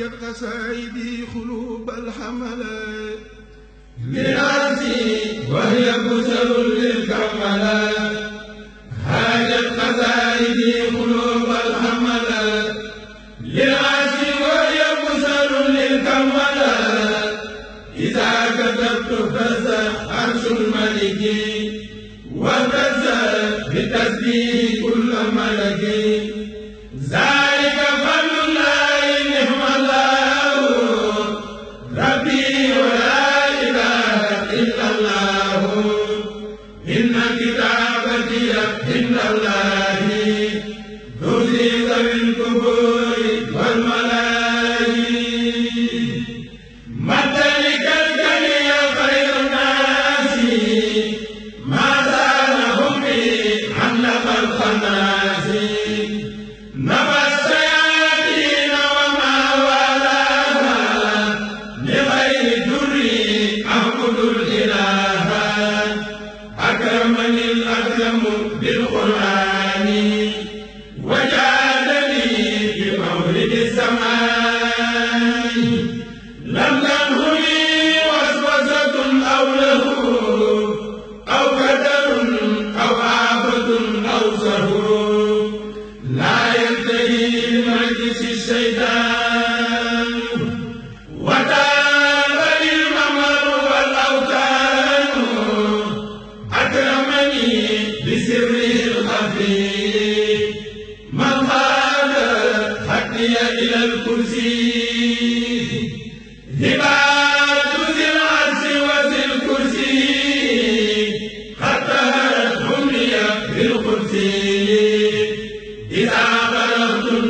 وجد قصائدي خلوب الحملات لراسي وهي كسر للكملاء هاجت قصائدي خلوب الحملات لراسي وهي كسر للكملاء إذا كتبت فزع عرش الملك وفزع بتسبيح هدي إلى الكرسي هبات ذي العرش وذي الكرسي حتى حمي في القدس إذا بلغت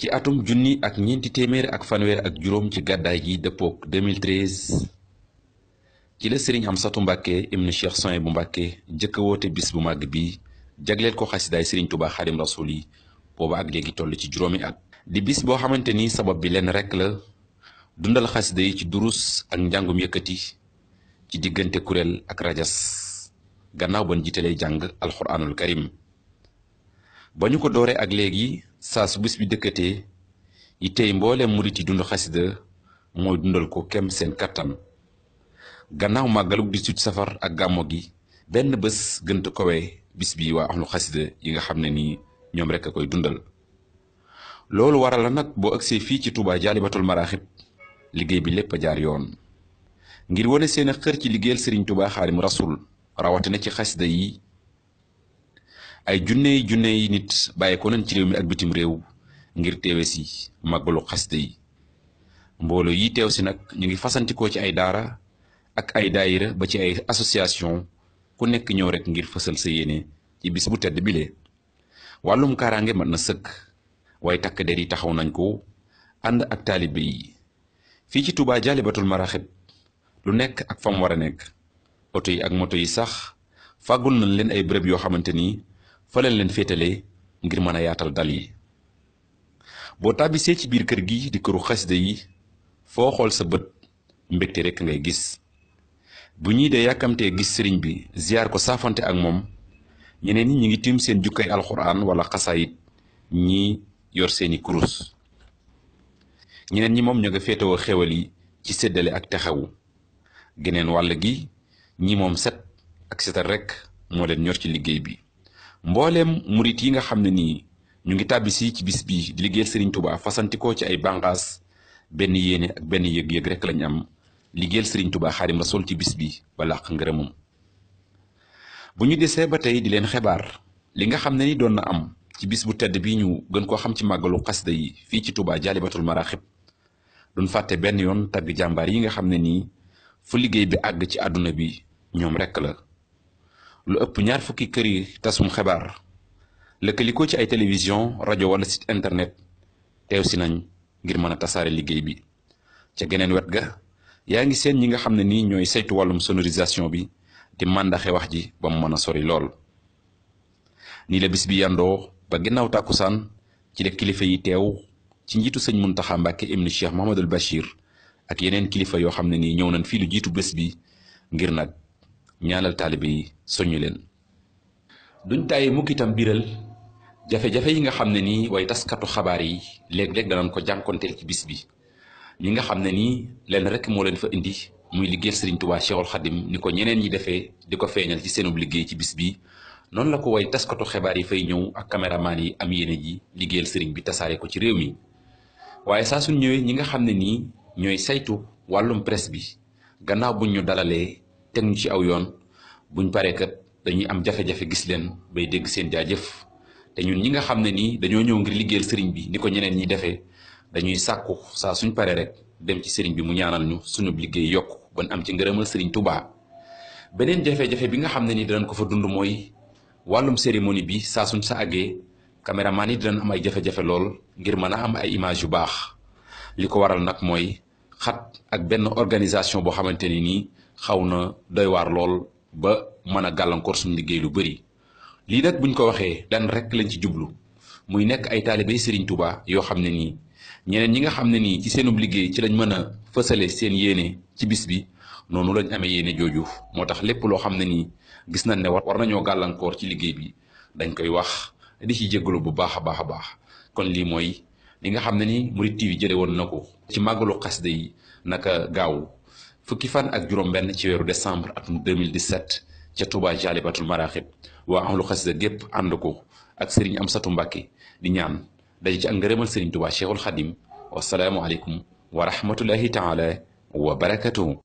ci atum junni ak ñeenti téeméer ak fanweer ak juróom ci gàddaay gi dëppook 2013 ci la sëriñ satu Mbàkke ibnu Cheikh Sohaybu bu Mbàkke njëkk woote bis bu màgg bi jagleel ko xasidaay sëriñ Tuubaa Xaadim Rasuul yi booba ak léegi toll ci juróomi at di bis boo xamante ni sabab bi leen rekk la dundal xasida yi ci durus ak njàngum yëkkati ci diggante kuréel ak rajas gannaaw ban jiitalee jàng alxuraanul karim ba ñu ko dooree ak léegi saa su bis bi dëkkatee yi tey mbooleem murit yi dund xasida mooy dundal ko kem seen kattan gannaaw màggalug 18 safar ak gàmmo gi benn bés gënt kowe bis bi waa axlu xasida yi nga xam ne nii ñoom rek a koy dundal loolu waral la nag boo agsee fii ci tubaa jaalibatul maraaxib liggéey bi lépp a jaar yoon ngir wone seen xër ci liggéeyal Serigne Touba xaalim rasul rawatina ci xasida yi ay junne junne yi nit bàyyeekoo nañ ci réew mi ak bitim réew ngir teewe si màggalu xasida yi mbooloo yi teew si nag ñu ngi fasantikoo ci ay daara ak ay daayira ba ci ay association ku nekk ñëw rek ngir fësal sa yéene ci bis bu tedd bile wàllum kaaraange mat na sëkk waaye takk der yi taxaw nañ ko ànd ak taalibe yi fii ci Touba Jaalibatul Maraxib lu nekk ak fam war a nekk oto yi ak moto yi sax fàggul nañ leen ay bërëb yoo xamante ni fa lañ leen féetalee ngir mën yaatal dal yi boo tàbbisee ci biir kër gi di këru xasida yi fo xol sa bët mbégte rek ngay gis bu ñi dee yàkkamtee gis sëriñ bi ziar ko saafante ak mom ñeneen ñi ngi tim seen jukkay alquran wala qasayit ñi yor seeni kurus ñeneen ñi mom ñoga nga wo xewal yi ci séddale ak taxawu geneen wàll gi ñi mom set ak setal rek mo leen ñor ci liggéey bi mbooleem murit yi nga xam ne nii ñu ngi tàbbisi ci bis bi di liggéeyal Serigne tubaa fasantikoo ci ay bànqaas benn yéene ak benn yëg-yëg rek lañ am liggéeyal Serigne Touba Xaadim Rasuul ci bis bi ba làq ngërëmam bu ñu desee ba tey di leen xebaar li nga xam ne ni doon na am ci bis bu tedd bi ñu gën koo xam ci màggalu xasida yi fii ci Touba jaalibatul maraxib duñ fàtte benn yoon tagg jàmbaar yi nga xam ne nii fu liggéey bi àgg ci àdduna bi ñoom rekk la lu ëpp ñaar fukki kër yi tasum xibaar lëkkalikoo ci ay télévision rajo wala site internet teew si nañ ngir mën a tasaare liggéey bi ca geneen wet ga yaa ngi seen ñi nga xam ne nii ñooy saytu wàllum sonorisation bi di màndaxe wax ji ba mu mën a sori lool nii la bis bi yandoo ba ginnaaw tàkkusaan ci la kilifa yi teew ci njiitu sëñ Muntaxa Mbàkke ibnu Cheikh Mahamadul Bachir ak yeneen kilifa yoo xam ne nii ñëw nañ fii lu njiitu bés bi ngir nag ñaanal taalibe yi soññu leen duñ tàyyi mukk itam biral jafe-jafe yi nga xam ne nii way taskatu xabaar yi léeg-léeg danañ ko jànkonteel ci bis bi ñi nga xam ne nii leen rek moo leen fa indi muy liggéeyal Serigne Touba Cheikhul Khadim ni ko ñeneen ñi defee di ko feeñal ci seenub liggéey ci bis bi noonu la ko way taskatu xibaar yi fay ñëw ak caméraman yi am yéene ji liggéeyal sëriñ bi tasaare ko ci réew mi waaye saa suñ ñëwee ñi nga xam ne nii ñooy saytu wàllum presse bi gannaaw buñ ñu dalalee teg ñu ci aw yoon buñ paree kat dañuy am jafe-jafe gis leen bay dégg seen jaajëf te ñun ñi nga xam ne nii dañoo ñëw ngir liggéeyal sëriñ bi ni ko ñeneen ñi defee dañuy sàkku saa suñ paree rek dem ci sëriñ bi mu ñaanal ñu suñu liggéey yokk ban am ci ngërëmal sëriñ Touba. beneen jafe bi nga xam ne ni danañ ko fa dund mooy wàllum cérémonie bi saa suñ sa àggee caméraman yi dinañ am ay jafe-jafe lool ngir mën a am ay image yu baax li ko waral nag mooy xat ak benn organisation boo xamante ni nii xaw na doy waar lool ba mën a gàllankoor suñu liggéey lu bari lii nag buñ ko waxee dan rek lañ ci jublu muy nekk ay taalibey Serigne Touba yoo xam ne nii ñeneen ñi nga xam ne nii ci seenub liggéey ci lañ mën a fësale seen yéene ci bis bi noonu lañ amee yéene jooju moo tax lépp loo xam ne nii gis nañ ne war nañoo gàllankoor ci liggéey bi dañ koy wax di ci jégalu bu baax a baax a baax kon lii mooy li nga xam ne ni Mouride TV jële woon na ko ci màggalu xasida yi naka gaaw fukki fan ak juróom-benn ci weeru décembre atum 2017 ca Touba Jaalibatul Maraaxib waa ahlu xasida gépp ànd ko ak Serigne Amsatu Mbàkke di ñaan daje ci ak ngërëmal Serigne Touba Cheikhul Xadim wasalaamu aleykum wa rahmatullahi taala wa barakatuhu